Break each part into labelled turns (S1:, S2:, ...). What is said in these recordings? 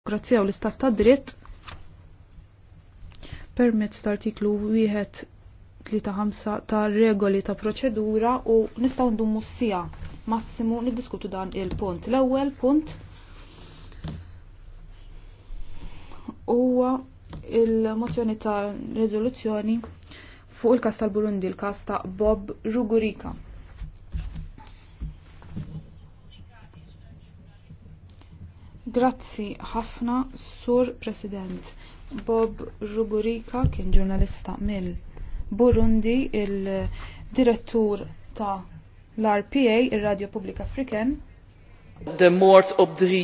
S1: demokrazija u l-istat ta' dritt permezz ta' artiklu 1.35 ta' regoli ta' proċedura u nistaw ndummu s-sija massimu niddiskutu dan il-punt. L-ewwel punt huwa il-mozzjoni ta' rezoluzzjoni fuq il-kas tal-Burundi, il-kas ta' Bob Rugurika. Grazzi ħafna, Sur President. Bob Ruburika kien ġurnalista mill Burundi, il-direttur ta' l-RPA, il-Radio Public African
S2: The mort of the...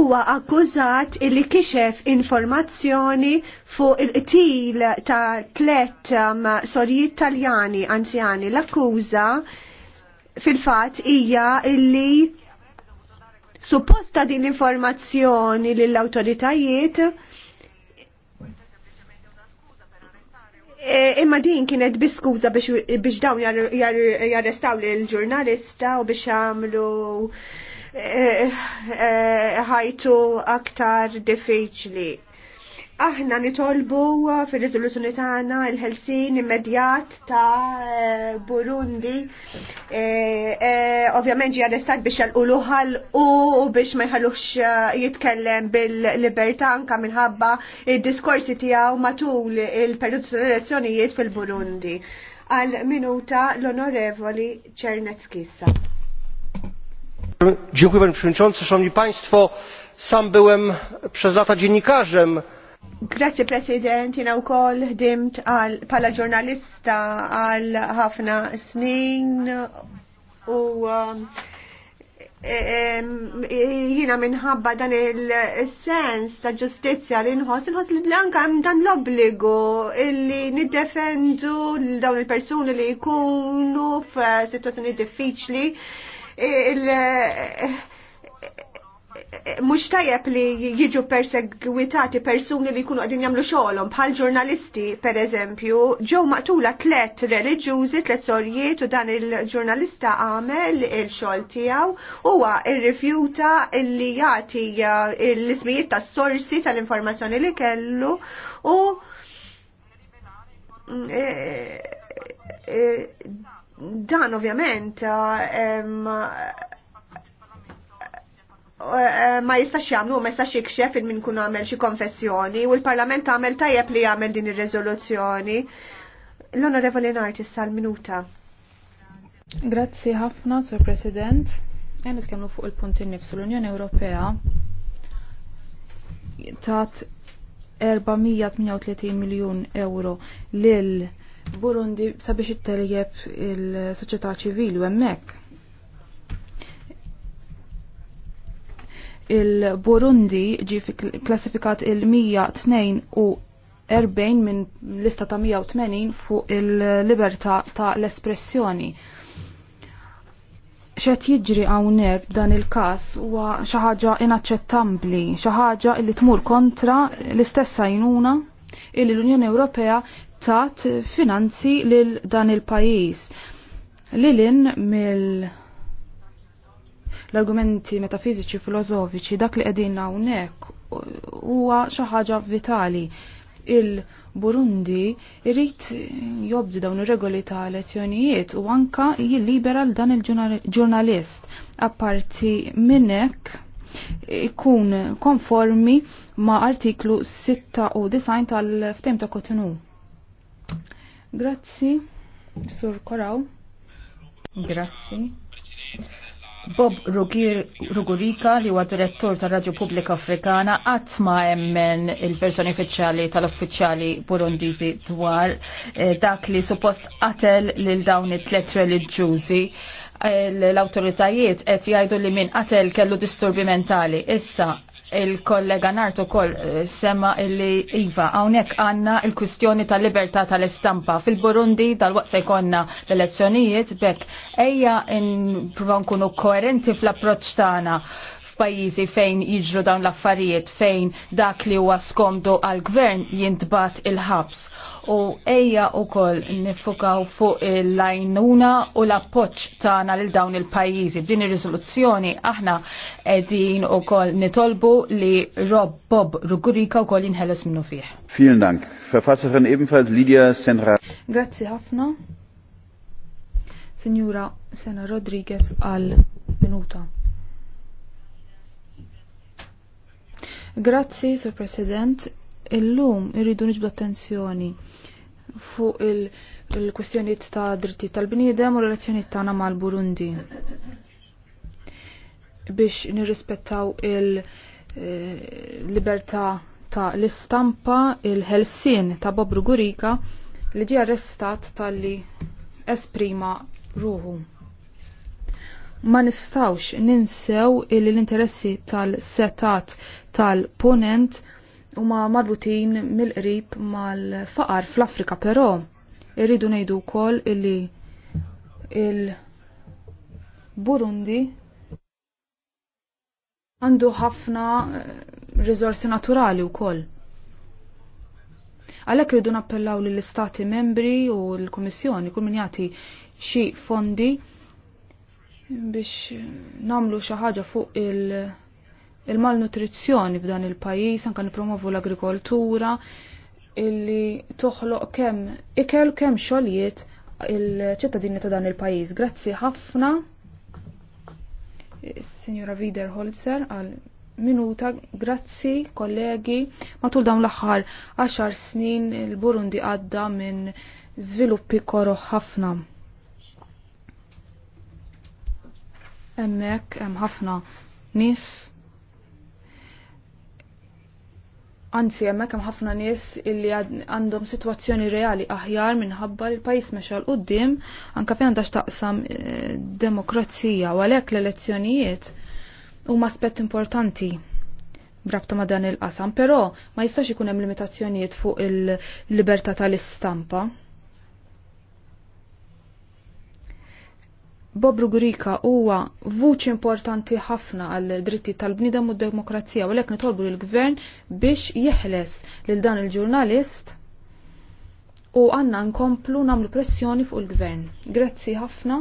S2: Uwa akkużat illi kixef informazzjoni fuq il qtil ta' tlet um, sorijiet taljani anzjani. L-akkuża fil-fat hija illi Supposta din l-informazzjoni lill-awtoritajiet eh, Imma din kienet biskuza biex dawn jarrestaw li l-ġurnalista u biex għamlu eh, eh, ħajtu aktar diffiċli aħna nitolbu fil riżoluzzjoni tagħna il-ħelsin immedjat ta' eh, Burundi eh, eh, ovvjament ġi arrestat biex jalquluħal u biex ma jħallux jitkellem bil-libertà anka minħabba id-diskorsi tiegħu matul il-periodu tal-elezzjonijiet fil-Burundi. Għal minuta l-onorevoli Ċernetskissa.
S1: Dziękuję panie przewodniczący, szanowni państwo. Sam byłem przez lata dziennikarzem
S2: Grazie President, jina u koll ħdimt pala ġurnalista għal ħafna snin u um, e, e, e, jina minħabba dan il-sens ta' ġustizja li nħoss, nħos li l-anka dan l-obbligu illi niddefendu l-dawn il-persuni li jkunu f-situazzjoni diffiċli mux tajab li jiġu persegwitati persuni li kunu għadin jamlu xolom bħal ġurnalisti per eżempju ġew maqtula tlet reliġjużi tlet sorjiet u dan il-ġurnalista għamel il-xol tijaw huwa irrifjuta li jati l-ismijiet tas sorsi tal-informazzjoni li kellu u e, e, dan ovvjament ma jistax jagħmlu ma jistax jikxef il min kun għamel xi konfessjoni u l-Parlament għamel tajjeb li jagħmel din ir-riżoluzzjoni. L-Onorevoli Nartis sal-minuta. Grazzi ħafna, Sur President.
S1: Għan nitkellmu fuq il-punti nifsu l-Unjoni Ewropea tat 438 miljun euro lil Burundi sabiex it il-soċjetà ċivili u hemmhekk il-Burundi ġi klassifikat il-142 minn lista ta' 180 fuq il-libertà ta' l-espressjoni xet jiġri għawnek dan il-kas huwa xi ħaġa inaċċettabbli, xi ħaġa li tmur kontra l-istess għajnuna illi l-Unjoni Ewropea tat finanzi lil dan il-pajjiż. Lilin mill l-argumenti metafiziċi filozofiċi dak li qegħdin hawnhekk huwa xi ħaġa vitali. Il-Burundi irrit jobdi dawn ir-regoli ta' elezzjonijiet u anka jillibera l dan il-ġurnalist. Apparti minnek ikun konformi ma' artiklu 96 tal-ftem ta' Kotinu. Grazzi, Sur Koraw.
S3: Grazzi. Bob Rugurika li huwa direttur tal radio Pubblika Afrikana qatt ma emmen il-verżjoni uffiċjali tal-uffiċjali Burundiżi dwar eh, dak li suppost qatel lil dawn it-tlet reliġjużi eh, l-autoritajiet qed jgħidu li min qatel kellu disturbi mentali. Issa il-kollega Nartu kol sema illi Iva, għawnek għanna il-kustjoni tal-libertà tal-istampa. Fil-Burundi tal-waqsa jkonna l-elezzjonijiet, bekk eja in provan kunu koerenti fl-approċ tana f'pajjiżi fejn jiġru dawn l-affarijiet fejn dak li huwa skomdu għal-gvern jintbat il-ħabs. U ejja wkoll nifukaw fuq il-lajnuna u l-appoġġ tagħna lil dawn il-pajjiżi. F'din ir-riżoluzzjoni aħna qegħdin ukoll nitolbu li Rob Bob Rugurika wkoll jinħeles minnu fih.
S1: Vielen Dank. Verfasserin ebenfalls Lidia Senra. Grazie ħafna. Signora Sena Rodriguez għal minuta. Grazzi, Sur President. Illum irridu niġbu attenzjoni fuq il-kwestjoniet il ta' dritti tal-bniedem u relazzjoniet tagħna mal-Burundi. Biex nirrispettaw il-libertà eh, ta' l-istampa il-ħelsin ta' Bobru Gurika, li ġie arrestat tal-li esprima ruhu ma nistawx ninsew il l-interessi tal-setat tal-ponent u ma marbutin mill-qrib mal-faqar fl-Afrika però irridu nejdu kol illi il-Burundi għandu ħafna eh, rizorsi naturali u kol. Għalek rridu nappellaw l-istati membri u l-Komissjoni kull min jati xi fondi biex namlu xi ħaġa fuq il-malnutrizzjoni il f'dan il-pajjiż anke nipromovu l-agrikoltura illi toħloq kemm ikel kemm xogħlijiet il-ċittadini ta' dan il-pajjiż. Grazzi ħafna. Signora Vider Holzer għal minuta, grazzi kollegi, matul dawn l-aħħar 10 snin il-Burundi għadda minn żviluppi koroħ ħafna. Hemmhekk hemm ħafna nies Anzi, hemmhekk hemm ħafna nies illi għandhom sitwazzjoni reali aħjar minħabba li l-pajjiż mexa l anke fejn għandax taqsam eh, demokrazija u għalhekk l-elezzjonijiet huma aspett importanti brabta ma' dan il-qasam, però ma jistax ikun hemm limitazzjonijiet fuq il-libertà tal-istampa. Bob Rugurika huwa vuċi importanti ħafna għal dritti tal-bnidem u d-demokrazija u lek nitolbu l-gvern biex jeħles lil dan il-ġurnalist u għanna nkomplu namlu pressjoni fuq il-gvern. Grazzi ħafna.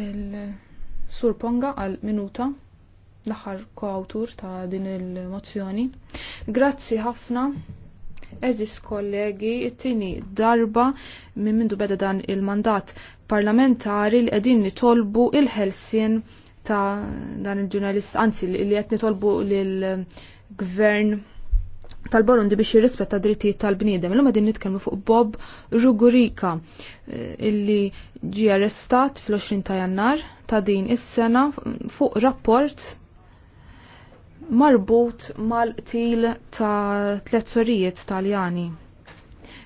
S1: Il-Sur Ponga għal minuta l-aħħar autur ta' din il-mozzjoni. Grazzi ħafna. Eżis kollegi, it-tini darba minn mindu beda dan il-mandat parlamentari li qegħdin nitolbu il-ħelsien ta' dan il-ġurnalist, anzi li qed nitolbu lill-gvern tal borundi biex jirrispetta drittijiet tal-bniedem. Illum qegħdin nitkellmu fuq Bob Rugurika eh, illi ġie arrestat fl-20 ta' Jannar ta' din is-sena fuq rapport marbut mal-til ta' tletzorijiet taljani.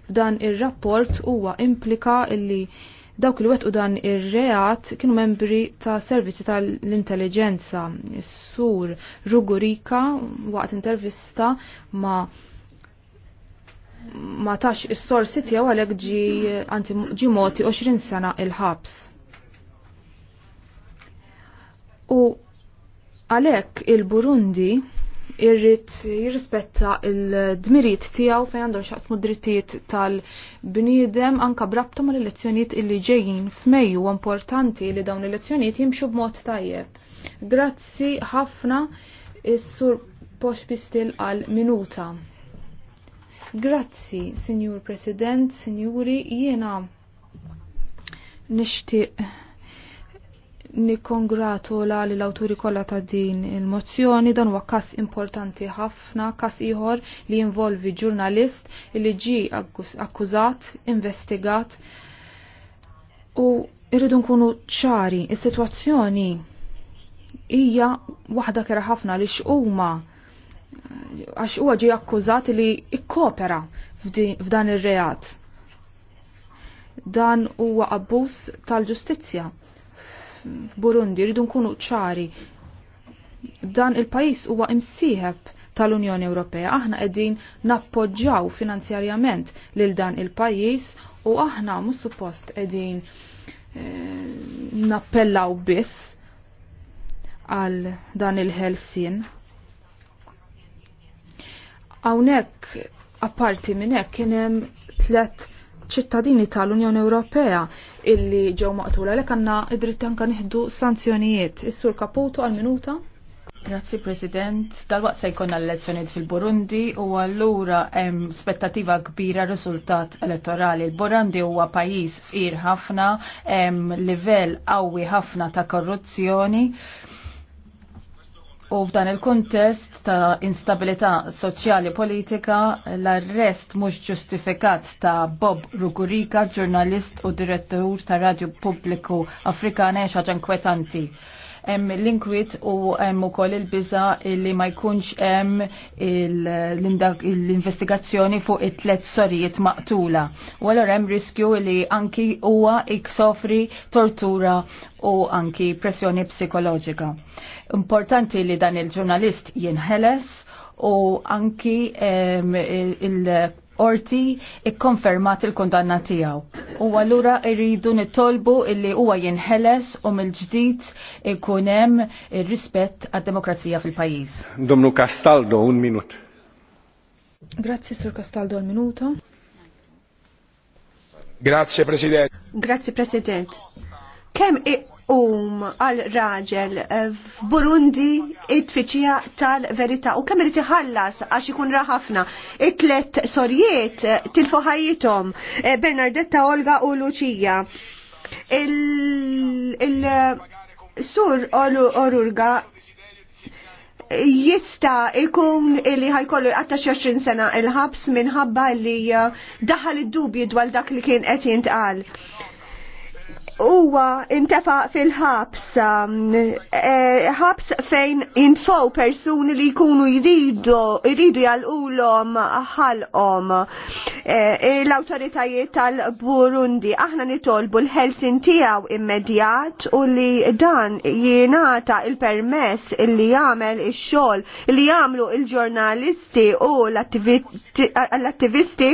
S1: F'dan ir-rapport huwa implika illi dawk il wetqu dan ir-reat kienu membri ta' servizzi tal-intelligenza. Sur Rugurika waqt intervista ma' ma tax is sor tiegħu għalhekk għalek ġi moti 20 sena il-ħabs. U Għalhekk il-Burundi irrit jirrispetta il-dmirijiet tiegħu fejn għandhom xaqsmu drittijiet tal-bniedem anka brabta mal elezzjonijiet illi ġejjin f'Mejju importanti li dawn l-elezzjonijiet jimxu b'mod tajjeb. Grazzi ħafna is-sur poċbistil għal minuta. Grazzi, Sinjur President, Sinjuri, jiena nixtieq nikkongratula li l-awturi kollha ta' din il-mozzjoni dan huwa każ importanti ħafna, każ ieħor li jinvolvi ġurnalist li ġie akkużat, investigat u irridu nkunu ċari, is-sitwazzjoni hija waħda kera ħafna li x'huma għax huwa ġie akkużat li ikkopera f'dan ir-reat. Dan huwa abbuż tal-ġustizzja f'Burundi, rridu nkunu ċari. Dan il-pajis huwa imsieħeb tal-Unjoni Ewropea. Aħna qegħdin nappoġġjaw finanzjarjament lil dan il-pajjiż u aħna mhux suppost qegħdin eh, nappellaw biss għal dan il-ħelsien. Hawnhekk apparti minn hekk kien hemm tliet ċittadini tal-Unjoni Ewropea illi ġew maqtula lek għandna id-dritt anke nieħdu sanzjonijiet. Is-sur Caputo għal minuta.
S3: Grazzi President, dal-waqt se jkollna l-elezzjonijiet fil-Burundi u allura hemm spettativa kbira riżultat elettorali. Il-Burundi huwa pajjiż fqir ħafna, hemm livell qawwi ħafna ta' korruzzjoni U f'dan il-kontest ta' instabilità soċjali politika, l-arrest mhux ġustifikat ta' Bob Rugurika, ġurnalist u direttur ta' Radio Pubbliku Afrikane xaġan kwetanti. inkwetanti hemm l-inkwit u hemm ukoll il-biża li ma jkunx hemm l-investigazzjoni fuq it-tlet sorijiet maqtula. U allura hemm riskju li anki huwa iksofri tortura u anki pressjoni psikoloġika. Importanti li dan il-ġurnalist jinħeles u anki um, il orti ikkonfermat il-kondanna tijaw. U għallura irridu nittolbu illi huwa jinħeles u mill-ġdid ikunem il-rispett għad-demokrazija fil-pajis.
S2: Domnu Castaldo, un minut.
S3: Grazie, Sur Castaldo,
S2: un minuto. Grazie, President. Grazie, President. Kem um għal raġel f'Burundi it-tfiċija tal-verità u kemm irid iħallas għax ikun raħafna it-tlet sorjiet tilfu ħajjithom eh, Bernardetta Olga u Luċija. Il-sur Orurga jista ikun illi ħajkollu għatta 20 sena il-ħabs minħabba li eh, daħal id-dubji dwar dak li kien qed jintqal huwa intefa fil-ħabs, um, eh, ħabs fejn infow persuni li jkunu jridu jridu jal-ulom ħal-om eh, l-autoritajiet tal-Burundi. Aħna nitolbu l-Helsin tijaw immedjat u li dan jienata il-permess li jagħmel ix-xogħol li jagħmlu il-ġurnalisti u l-attivisti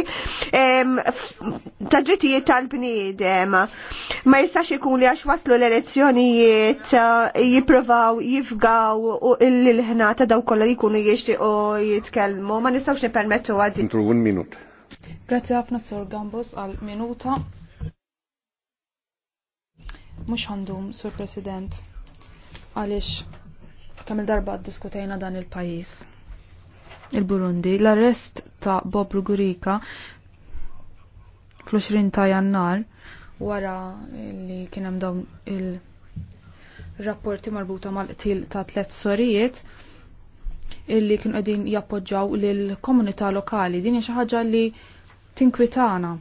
S2: ta' drittijiet tal-bniedem. Ma jistax ikun li għax waslu l-elezzjonijiet eh, jipprovaw jifgaw u l-ħna ta' daw kollha jkunu u jitkellmu, ma nistax nippermettu għadi. Intru un minut. Grazie ħafna Sur Gambus għal minuta.
S1: Mhux għandum, Sur President, għaliex kemm il-darba diskutajna dan il-pajjiż. Il-Burundi, l-arrest ta' Bob Rugurika fl-20 ta' jannar wara li kien hemm dawn il-rapporti marbuta mal-qtil ta' tliet sorijiet illi kienu qegħdin jappoġġaw lil komunità lokali. Din hija xi ħaġa li tinkwitana.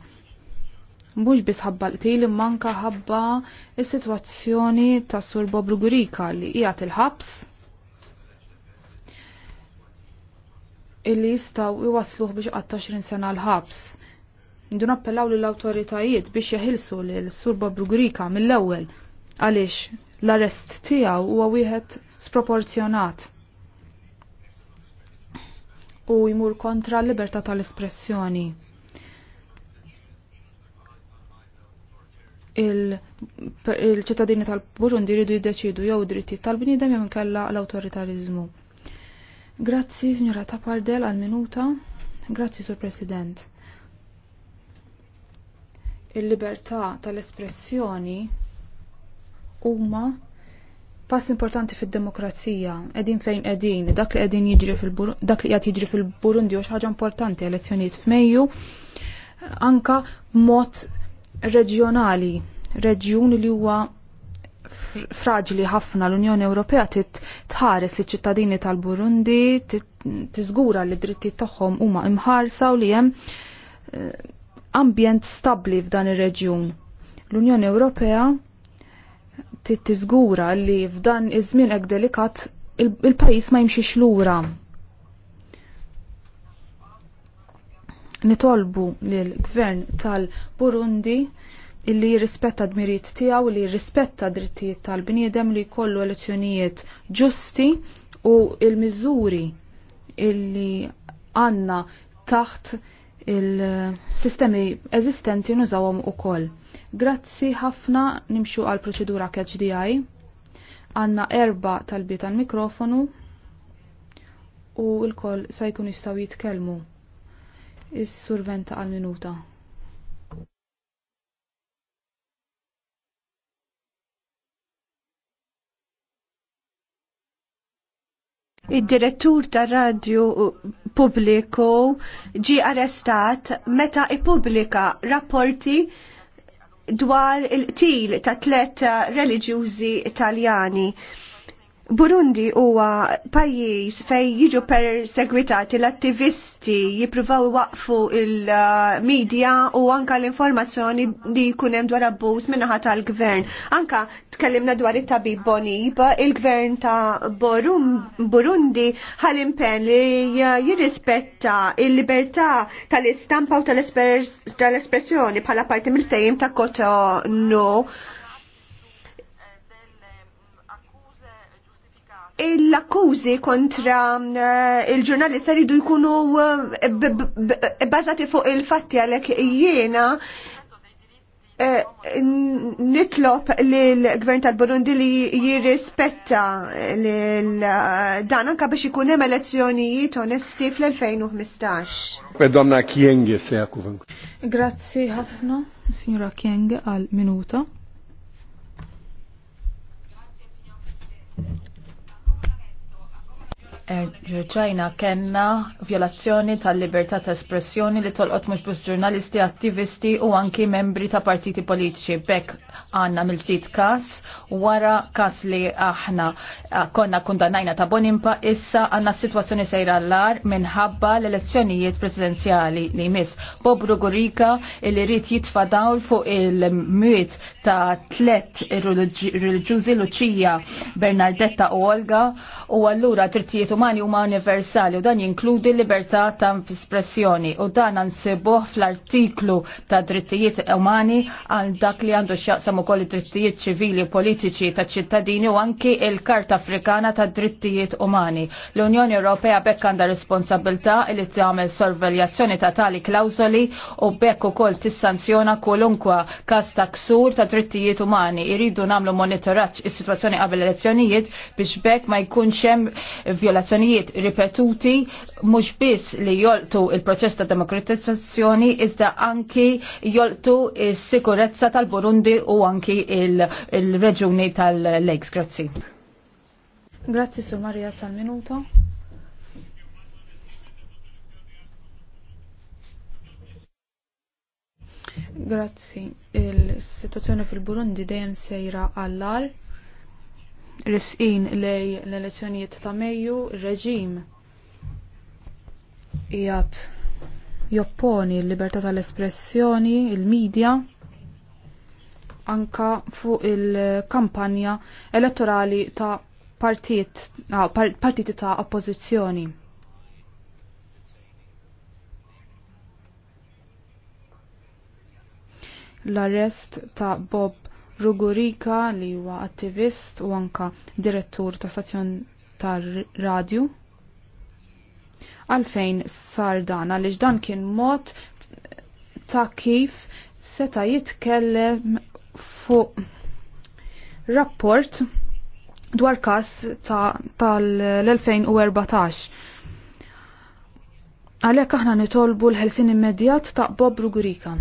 S1: Mhux biss ħabba l-qtil manka ħabba is-sitwazzjoni ta' Sur Bobru Gurika li hija il-ħabs illi jistgħu iwasluh biex qatt 20 sena l-ħabs Ndu nappellaw lill-awtoritajiet biex jeħilsu lil Sur Bobru Grika mill-ewwel għaliex l-arrest tiegħu huwa wieħed sproporzjonat u jmur kontra l-libertà tal-espressjoni. il-ċittadini tal-Burundi jridu jiddeċidu jew dritti tal-bniedem jew inkella l autoritarizmu Grazzi, signora Tapardel, għal-minuta. Grazzi, Sur President il-libertà tal-espressjoni huma pass importanti fid-demokrazija, edin fejn edin, dak li edin jiġri fil-Burundi, dak li qed jiġri fil-Burundi u ħaġa importanti elezzjonijiet f'Mejju, anka mod reġjonali, reġjun li huwa fraġli ħafna l-Unjoni Ewropea tħares iċ ċittadini tal-Burundi, tiżgura li d drittijiet tagħhom huma imħarsa u li hemm eh, ambjent stabli f'dan ir-reġjun. L-Unjoni Ewropea tittiżgura li f'dan iż-żmien hekk delikat il-pajjiż ma jimxiex lura. Nitolbu lill gvern tal-Burundi illi jirrispetta d mirit tiegħu li jirrispetta drittijiet tal-bniedem li jkollu elezzjonijiet ġusti u il-miżuri illi għanna taħt il-sistemi eżistenti nużawhom ukoll. Grazzi ħafna nimxu għal proċedura KHDI. Għanna erba talbiet għal mikrofonu u l-koll sa jkun jistaw jitkellmu. Is-surventa għal-minuta.
S2: Id-direttur ta' radju pubbliku ġi arrestat meta ippubblika rapporti dwar il til ta' tlet reliġjużi Italjani. Burundi huwa pajjiż fej jiġu persegwitati l-attivisti jippruvaw waqfu il-medja u anka l-informazzjoni li jkun hemm dwar abbuż minnaħa tal-gvern. Anka tkellimna dwar it-tabib Bonib, il-gvern ta' Burundi ħal li jirrispetta il-libertà tal-istampa u tal-espressjoni bħala parti mill-tejjem ta' Kotonu. l-akkużi kontra eh, il-ġurnalista ridu jkunu eh, bazati fuq il-fatti għalek jiena eh, nitlop li l-gvern tal-Burundi li jirrispetta dan anka biex ikun hemm elezzjonijiet onesti fl-2015. Domna Kienge se Grazzi ħafna,
S1: signora Kienge, għal minuta.
S3: Ġerġajna kenna violazzjoni tal-libertà ta' espressjoni li tolqot mhux biss ġurnalisti, attivisti u anki membri ta' partiti politiċi. Bek għandna mill-ġdid każ wara każ li aħna konna kundanajna ta' Bonimpa issa għandna situazzjoni sejra l-ar minħabba l-elezzjonijiet presidenzjali li jmiss. Bob Rugurika li rrit jitfadaw fuq il-mwiet ta' tlet reliġjużi Luċija Bernardetta u Olga u allura trittijiet umani huma universali u dan jinkludi libertà ta' espressjoni u dan ansibuh fl-artiklu ta' drittijiet umani għal dak li għandu x'jaqsam ukoll id-drittijiet ċivili u politiċi ta' ċittadini u anki il-Karta Afrikana ta' Drittijiet Umani. L-Unjoni Ewropea bekk għandha responsabilità li tagħmel sorveljazzjoni ta' tali klawżoli u bekk ukoll tissanzjona kolunkwa każ ta' ksur ta' drittijiet umani. Iridu nagħmlu monitoraġġ is-sitwazzjoni qabel elezzjonijiet biex bekk ma jkunx hemm violazzjoni azzjonijiet ripetuti mhux biss li joltu il-proċess ta' demokratizzazzjoni iżda anki joltu is sikurezza tal-Burundi u anki il-reġuni il reġuni tal lakes Grazzi.
S1: Grazzi su Maria Salminuto. Grazzi. Il-situazzjoni fil-Burundi dejjem sejra għall għallar risqin lej l-elezzjonijiet ta' Mejju, reġim jgħat jopponi l-libertà tal-espressjoni, il-medja, anka fuq il-kampanja elettorali ta' ah, partiti ta' oppożizzjoni. L-arrest ta' Bob Rugurika li huwa attivist u anka direttur ta' stazzjon tar-radju. Għalfejn sar dan għaliex dan kien mod ta' kif seta jitkellem fuq rapport dwar kas tal-2014. Għalek aħna nitolbu l-ħelsin immedjat ta' Bob Rugurika.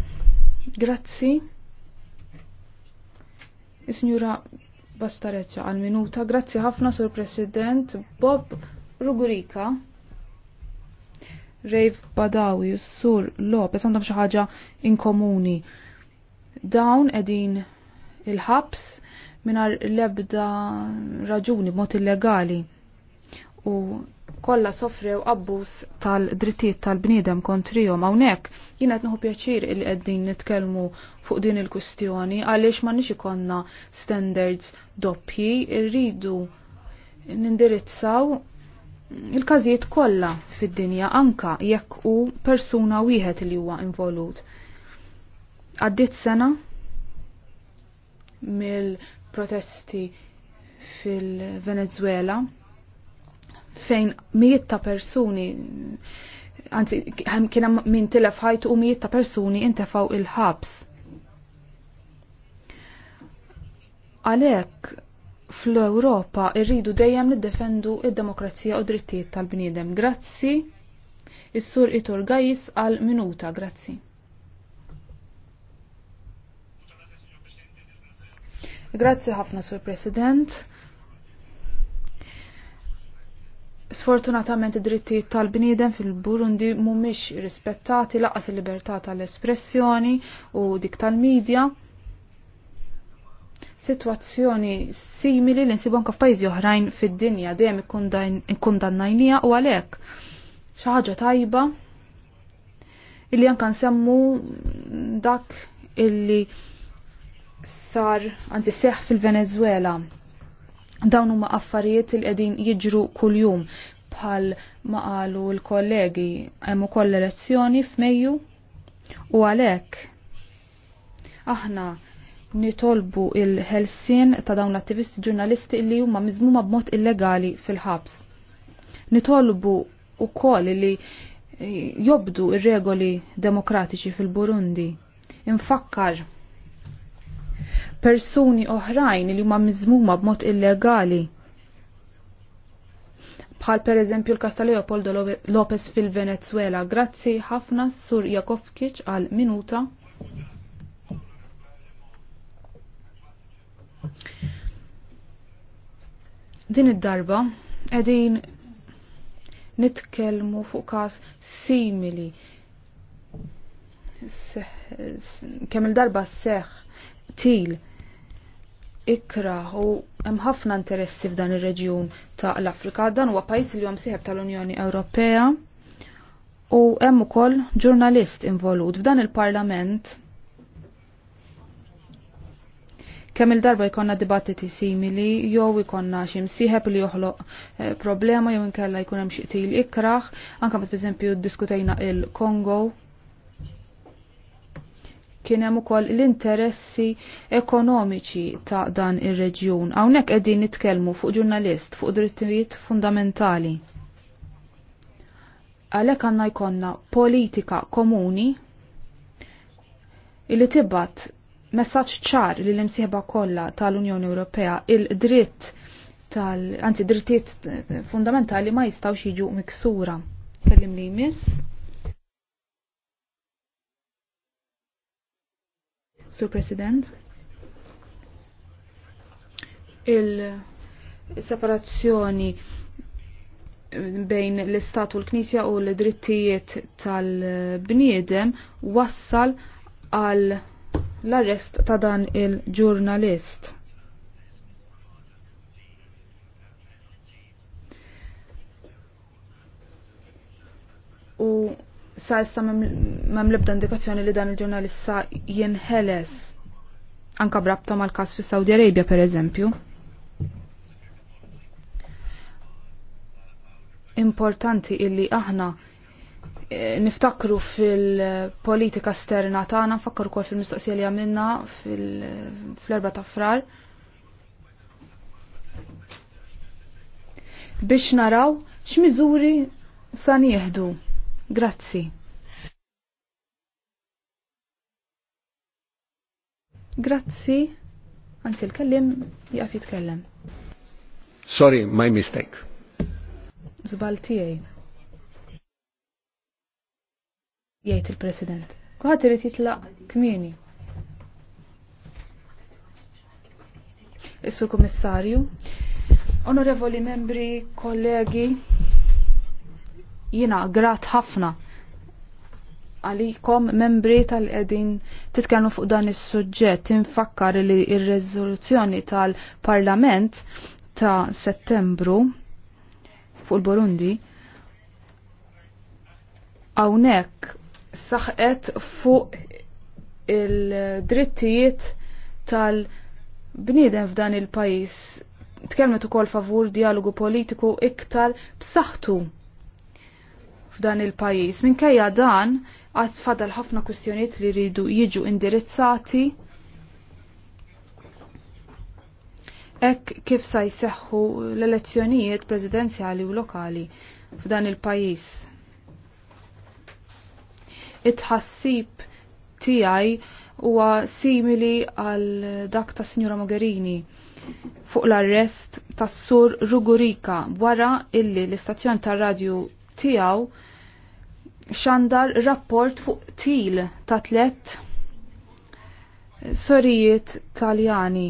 S1: Grazzi. Is-Sinjura Bastareċa għal minuta. Grazzi ħafna sur President Bob Rugurika. Rave Badawi, Sur Lopez għandhom xi ħaġa inkomuni. Dawn qegħdin il-ħabs mingħajr l-ebda raġuni b'mod illegali u kollha sofrew abbuż tal-drittijiet tal-bniedem kontrihom hawnhekk jiena qed nieħu pjaċir li qegħdin nitkellmu fuq din il-kwistjoni għaliex nix ikonna standards doppji irridu nindirizzaw il-każijiet kollha fid-dinja anka jekk hu persuna wieħed li huwa involut. Għaddit sena mill-protesti fil-Venezuela fejn mijiet ta' persuni anzi kien hemm min tilef ħajtu u mijiet ta' persuni intefaw il-ħabs. Għalhekk fl-Ewropa irridu dejjem niddefendu id-demokrazija u drittijiet tal-bniedem. Grazzi. Is-sur Itur Gajis għal minuta, grazzi. Grazzi ħafna, Sur President. Sfortunatament id-drittijiet tal-bniedem fil-Burundi mhumiex rispettati laqas il-libertà tal-espressjoni u dik tal-medja. Situazzjoni simili li nsibu anke f'pajjiżi oħrajn fid-dinja dejjem ikkundannajnija u għalhekk xi ħaġa tajba illi anke nsemmu dak illi sar anzi seħ fil-Venezuela Dawn huma affarijiet li qegħdin jiġru kuljum bħal ma qalu l-kollegi hemm ukoll elezzjoni f'Mejju u għalhekk aħna nitolbu il-ħelsien ta' dawn l-attivisti ġurnalisti li huma miżmuma b'mod illegali fil-ħabs. Nitolbu ukoll li jobdu ir-regoli demokratiċi fil-Burundi. Infakkar persuni oħrajn li huma miżmuma b'mod illegali. Bħal per eżempju l kasta ta' Leopoldo Lopez fil-Venezuela. Grazzi ħafna sur Jakovkic għal minuta. Din id-darba qegħdin nitkellmu fuq każ simili kemm il-darba seħ til ikra u hemm ħafna interessi f'dan ir-reġjun ta' l-Afrika. Dan huwa pajjiż li hom sieħeb tal-Unjoni Ewropea u hemm ukoll ġurnalist involut f'dan il-Parlament. Kemm il-darba jkollna dibattiti simili jew ikonna xi msieħeb li joħloq eh, problema jew inkella jkun hemm xi til ikraħ, anke meta ddiskutejna il-Kongo. il kongo kien hemm ukoll l-interessi ekonomiċi ta' dan ir-reġjun. Hawnhekk qegħdin nitkellmu fuq ġurnalist, fuq drittijiet fundamentali. Għalhekk għandna jkollna politika komuni illi tibgħat messaġġ ċar li l-imsieħba kollha tal-Unjoni Ewropea il-dritt tal anzi drittijiet fundamentali ma jistgħux jiġu miksura. Kellim li jmiss. Sur President. Il-separazzjoni bejn l-Istat u l-Knisja u l-drittijiet tal-bniedem wassal għal l-arrest ta' dan il-ġurnalist. U sa issa mem libda indikazzjoni li dan il-ġurnalista jinħeles anka brabta mal-kas fi Saudi Arabia per eżempju. Importanti illi aħna eh, niftakru fil-politika sterna tagħna, nfakkar ukoll fil-mistoqsija li għamilna fil-erba ta' frar. Biex naraw x'miżuri sa nieħdu Grazzi. Grazzi. Anzi, l-kellim jgħaf jitkellem.
S2: Sorry, my mistake.
S1: Zbal tiegħi. Jgħid il-President. Kuħat irid jitlaq kmieni. Is-Sur Kummissarju, Onorevoli membri, kollegi, Jina grat ħafna għalikom membri tal-edin titkellmu fuq dan is-suġġett infakkar li ir riżoluzzjoni tal-Parlament ta' Settembru fuq il-Burundi hawnhekk saħqet fuq il-drittijiet tal-bniedem f'dan il-pajis. Tkellmet ukoll favur dialogu politiku iktar b'saħħtu f'dan il-pajis. Minkejja dan, għad fadal ħafna kustjoniet li rridu jiġu indirizzati. Ek kif sa jseħħu l-elezzjonijiet prezidenziali u lokali f'dan il-pajis. It-ħassib tiegħi huwa simili għal dak ta' Signora Mogherini fuq l-arrest tas-sur Rugurika wara illi l-istazzjon tar-radju tiegħu xandar rapport fuq til ta' tlet sorijiet taljani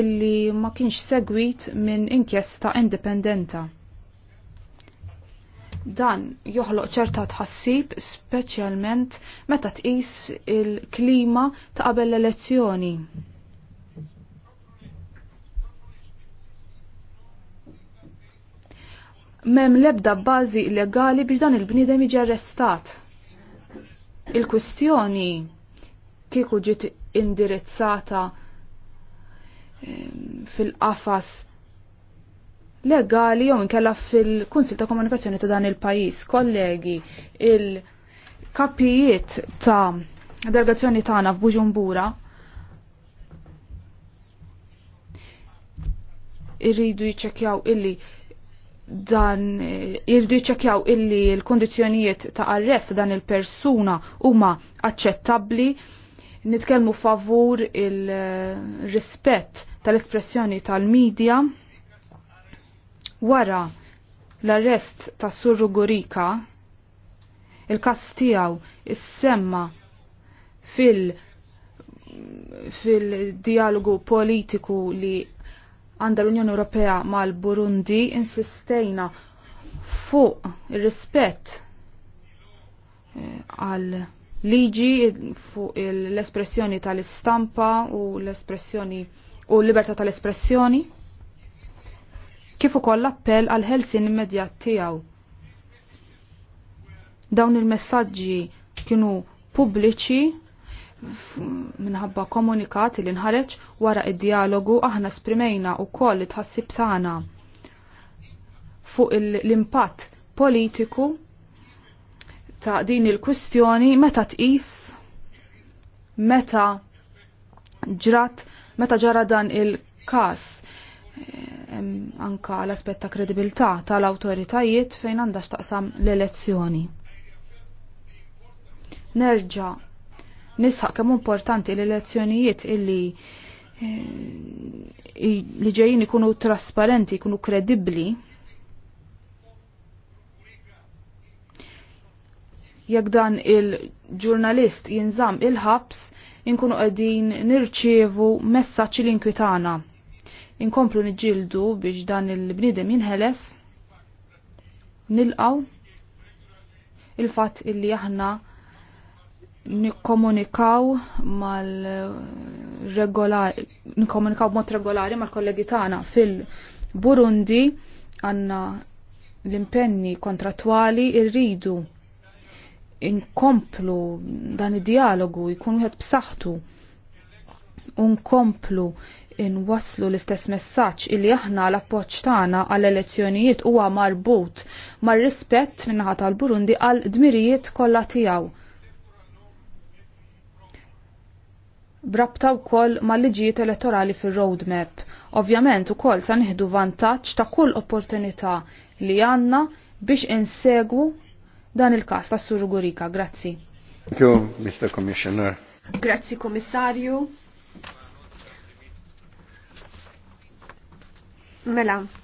S1: illi ma kienx segwit minn inkjesta indipendenta. Dan joħloq ċerta tħassib speċjalment meta tqis il-klima ta' qabel l-elezzjoni. mem lebda bazi legali biex dan il-bnidem jiġi arrestat. Il-kustjoni kieku ġiet indirizzata ehm, fil-qafas legali jew inkella fil-Kunsil ta' Komunikazzjoni ta' dan il-pajjiż, kollegi, il-kapijiet ta' delegazzjoni tagħna f'Buġumbura irridu jiċċekkjaw illi dan jirdu eh, jċekjaw illi l-kondizjonijiet ta' arrest dan il-persuna huma aċċettabbli, nitkellmu favur il-rispett tal-espressjoni tal-medja. Wara l-arrest ta' Surru Gorika, il-kas tiegħu semma fil- fil-dialogu politiku li għandha l-Unjoni Ewropea mal-Burundi insistejna fuq ir-rispett eh, għal liġi fuq l-espressjoni tal-istampa u l-espressjoni u l-libertà tal-espressjoni kif ukoll appell għal ħelsin immedjat tiegħu. Dawn il-messaġġi kienu pubbliċi minħabba komunikati li nħareġ wara id-dialogu aħna sprimejna u koll tħassib tagħna fuq l-impatt politiku ta' din il-kwistjoni meta tqis meta ġrat meta ġara dan il-każ anka l-aspett ta' kredibilità tal-awtoritajiet fejn għandha x'taqsam l-elezzjoni. Nerġa' nisħaq kemm importanti l-elezzjonijiet illi eh, li ġejjin ikunu trasparenti, ikunu kredibbli. Jekk dan il-ġurnalist jinżamm il-ħabs, inkunu qegħdin nirċievu messaġġ li inkwitana. Inkomplu niġġieldu biex dan il-bniedem jinħeles, nilqaw il-fatt illi aħna nikkomunikaw mal eh, regolari nikkomunikaw b'mod regolari mal-kollegi tagħna fil-Burundi għandna l-impenni kontratwali irridu inkomplu dan id-dialogu jkun wieħed b'saħħtu unkomplu inwaslu l-istess messaġġ illi aħna l-appoġġ tagħna għall-elezzjonijiet huwa marbut mar-rispett min-naħa tal-Burundi għal dmirijiet kollha tiegħu brabta wkoll mal-liġijiet elettorali fir-roadmap. Ovvjament ukoll sa nieħdu vantaġġ ta' kull opportunità li għandna biex insegu dan il-każ ta' Sur Gurika. Grazzi.
S2: Thank you, Mr. Commissioner. Grazzi, Komissarju. Mela,